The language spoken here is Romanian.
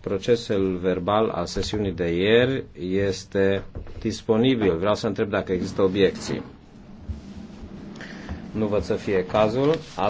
Procesul verbal al sesiunii de ieri este disponibil. Vreau să întreb dacă există obiecții. Nu văd să fie cazul. Asta